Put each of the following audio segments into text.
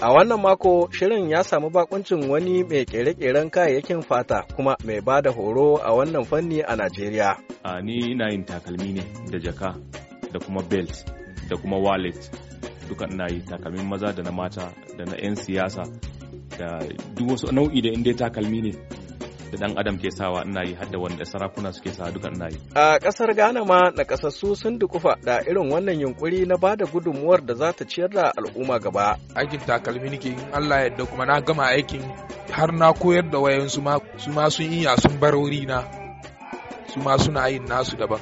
A wannan mako shirin ya samu bakuncin wani mai kere-keren kayayyakin fata kuma mai ba da horo a wannan fanni a Najeriya. A ni ina yin takalmi ne da jaka da kuma belt da kuma wallet duka ina yi takalmin maza da na mata da na 'yan siyasa da duk wasu nau'i da inda takalmi ne da dan adam ke sawa ina yi hadda wanda sarakuna suke sawa duka ina yi a kasar Ghana ma na kasassu sun dukufa da irin wannan yunkuri na bada gudunmuwar da za ta ciyar da al'umma gaba aikin takalmi nake in Allah ya yarda kuma na gama aikin har na koyar da wayan ma su ma sun iya sun barori na su ma suna yin nasu daban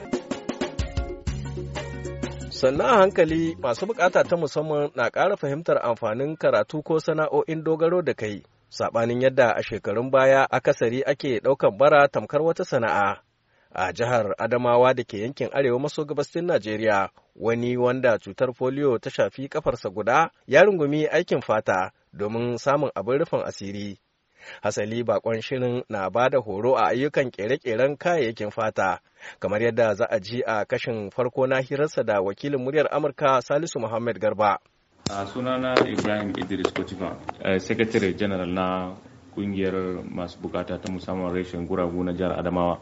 sannan a hankali masu bukata ta musamman na ƙara fahimtar amfanin karatu ko sana'o'in dogaro da kai saɓanin yadda a shekarun baya akasari ake ɗaukan bara tamkar wata sana'a. A jihar Adamawa da ke yankin arewa maso gabashin Najeriya, wani wanda cutar foliyo ta shafi kafarsa guda ya rungumi aikin fata domin samun abin rufin asiri. Hasali bakon shirin na ba da horo a ayyukan kere-keren kayayyakin fata, kamar yadda za a ji a kashin farko na hirarsa da wakilin muryar Amurka Salisu Muhammad Garba. a sunana ibrahim idris kotifa eh, secretary general na kungiyar masu bukata ta musamman reshen guragu na jihar adamawa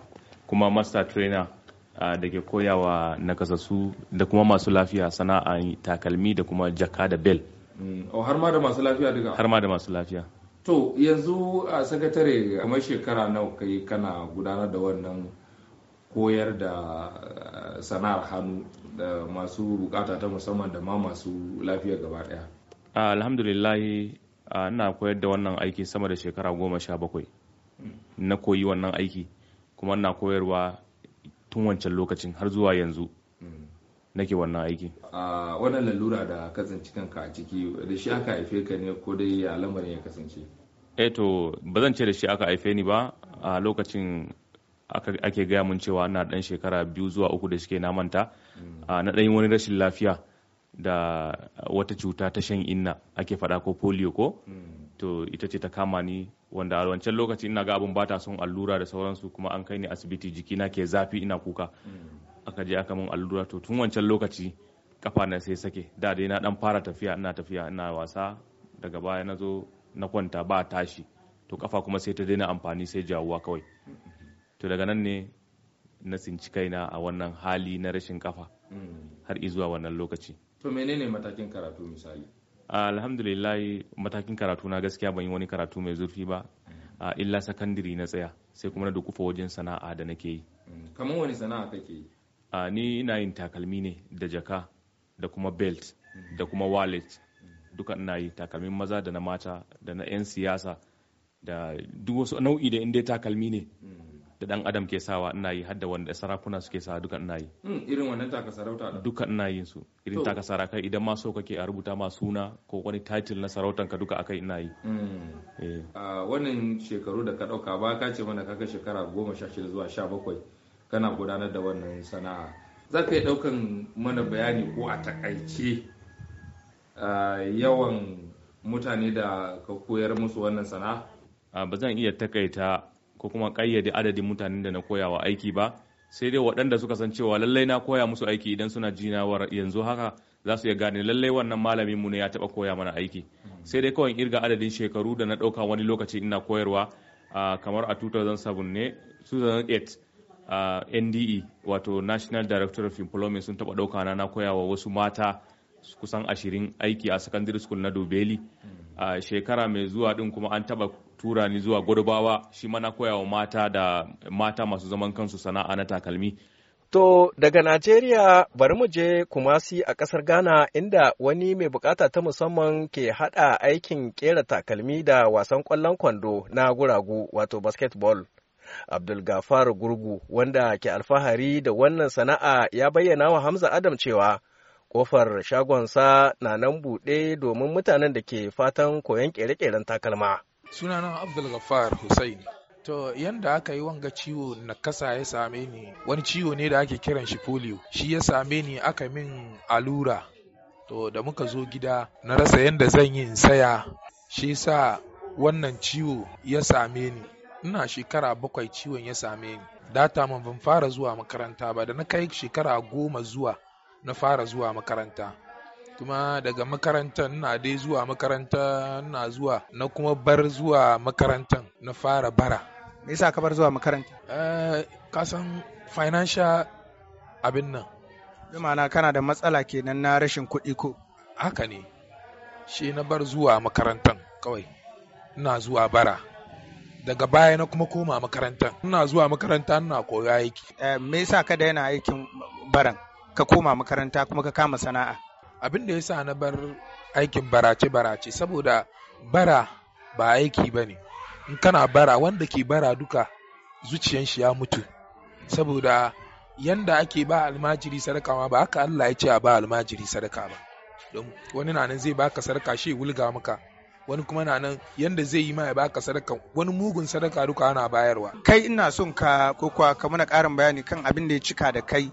kuma master trainer da ke koyawa nakasassu da kuma masu lafiya sana'a takalmi da kuma jaka da bel mm, oh, har ma da masu lafiya duka har ma da masu lafiya to yanzu a sakatare kamar shekara nawa kai kana gudanar da wannan koyar da eh, sana'ar hannu da masu bukata ta musamman da ma masu lafiya gaba daya ah, alhamdulillahi ah, ina koyar da wannan aiki sama da shekara goma sha bakwai hmm. na koyi wannan aiki kuma ina koyarwa tun wancan lokacin har zuwa yanzu hmm. nake wannan aiki a ah, wannan lalura da kasance kanka a ciki da shi aka haife ka ne ko dai ya lamarin ya kasance eto eh to ba zan ce da shi aka haife ni ba a lokacin ake gaya mun cewa ina dan shekara biyu zuwa uku da suke na manta mm. ah, na dan wani rashin lafiya da wata cuta ta shan inna ake faɗa ko polio ko mm. to ita ce ta kama ni wanda a wancan lokaci ina ga abin bata son allura da sauransu kuma an kai ni asibiti jiki na ke zafi ina kuka mm. aka je aka mun allura to tun wancan lokaci kafa na sai sake da dai na dan fara tafiya ina tafiya ina wasa daga baya na zo na kwanta ba tashi to kafa kuma sai ta daina amfani sai jawuwa kawai to daga nan ne na tsinci kaina a wannan hali na rashin kafa mm. har izuwa wannan lokaci to menene matakin karatu misali alhamdulillah matakin karatu na gaskiya ban yi wani karatu mai zurfi ba mm. a illa sakandiri na tsaya sai kuma na dukufa wajen sana'a da nake yi mm. kamar wani sana'a kake yi a ni ina yin takalmi ne da jaka da kuma belt da kuma wallet duka ina yi takalmin maza da na mata da na 'yan siyasa da duk wasu nau'i da inda takalmi ne da dan adam ke sawa ina yi hadda wanda sarakuna suke sawa duka ina yi hmm, irin wannan taka sarauta duka ina yin su irin taka saraka idan ma so kake a rubuta ma suna ko wani title na sarautan ka duka akai ina yi hmm. eh. a wannan shekaru da ka dauka ba ka ce mana kaga shekara goma sha shida zuwa sha bakwai kana gudanar da wannan sana'a za ka yi daukan mana bayani ko a takaice yawan mutane da ka koyar musu wannan sana'a ba zan iya takaita ko kuma ƙayyade adadin mutanen da na koya wa aiki ba sai dai waɗanda suka san cewa lallai na koya musu aiki idan suna jinawar yanzu haka za su iya gane lallai wannan malamin mu ne ya taɓa koya mana aiki sai dai kawai irga adadin shekaru da na ɗauka wani lokaci ina koyarwa kamar a 2007 ne 2008 NDE wato National Director of Employment sun taɓa ɗauka na na wa wasu mata kusan ashirin aiki a secondary school na Dobeli a shekara mai zuwa din kuma an taba tura ni zuwa gurbawa shi mana koya wa mata da mata masu zaman kansu sana'a na takalmi To daga Najeriya bari mu je Kumasi a ƙasar Ghana inda wani mai bukata ta musamman ke haɗa aikin ƙera takalmi da wasan ƙwallon kwando na guragu wato basketball. Abdul Gafar Gurgu wanda ke alfahari da wannan sana'a ya bayyana wa Hamza Adam cewa Kofar shagonsa na nan buɗe domin mutanen da ke fatan koyon ƙere-ƙeren takalma. Sunana Abdul Ghaffar Hussein. To yanda aka yi wanga ciwo na kasa ya same ni wani ciwo ne da ake kiran shi polio shi ya same ni aka min alura to da muka zo gida na rasa yanda zan yi in saya shi sa wannan ciwo ya same ni ina shekara bakwai ciwon ya same ni data ban fara zuwa makaranta ba da na kai shekara goma zuwa na fara zuwa makaranta kuma daga makaranta na dai zuwa makaranta na zuwa na kuma bar zuwa makarantan na fara bara me yasa ka bar zuwa makaranta eh, ka san financial abin nan ma'ana kana da matsala kenan na rashin kuɗi ko haka ne shi na bar zuwa makarantan kawai ina zuwa bara daga baya na kuma koma makarantan ina zuwa makaranta ina koya aiki eh, me yasa ka daina aikin baran ka koma makaranta kuma ka kama sana'a abin da ya sa na bar aikin barace barace saboda bara ba aiki ba ne, in kana bara wanda ke bara duka zuciyan shi ya mutu saboda yanda ake ba almajiri sadaka ma ba haka Allah ya ce a ba almajiri sadaka ba don wani na nan zai baka sadaka shi wulga maka wani kuma na nan yanda zai yi ma ya baka sadaka wani mugun sadaka duka ana bayarwa kai ina son ka ko kuwa ka muna karin bayani kan abin da ya cika da kai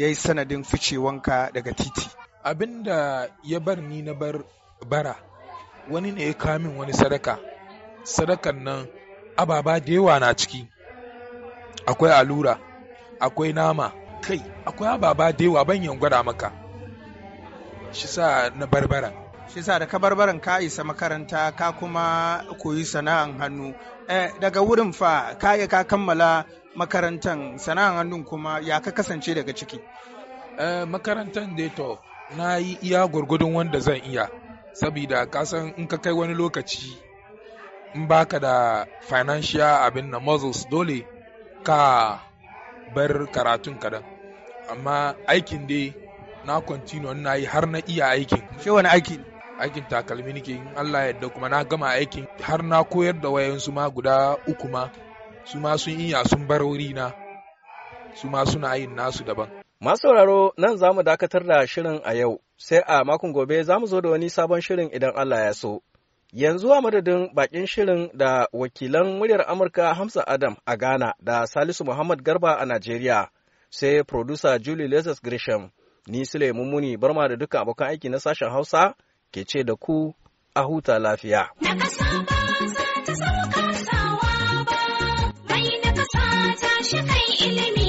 ya yi sanadin ficewanka daga titi abin da ya bar ni na bar bara wani ne ya kamin wani sadaka sadakan nan ababa da yawa na ciki akwai alura akwai nama kai akwai ababa da yawa ban gwada maka shi sa na barbara shi sa da ka barbaran ka isa makaranta ka kuma koyi sana'an hannu eh, daga wurin fa kaya ka kammala makarantar sana'an hannun kuma ya ka kasance daga ciki eh, makarantar dai to na yi iya gwargwadon wanda zan iya sabida kasan in ka kai wani lokaci in baka da financial abin na muzzles dole ka bar karatun kadan amma aikin dai na continue na yi har na iya aikin shi wani aiki? aikin takalmi nike in Allah yadda kuma na gama aikin har na koyar da wayansu ma guda uku ma su ma sun iya sun bar wurina su ma suna yin nasu daban masu sauraro nan za mu dakatar da shirin a yau sai a makon gobe za mu zo da wani sabon shirin idan Allah ya so yanzu a madadin bakin shirin da wakilan muryar amurka hamza adam a ghana da salisu muhammad garba a najeriya sai producer julie lesus grisham ni sule mummuni barma da duka abokan aiki na sashen hausa ke ce da ku a huta lafiya. Na ta sauka mata shi kai ilimi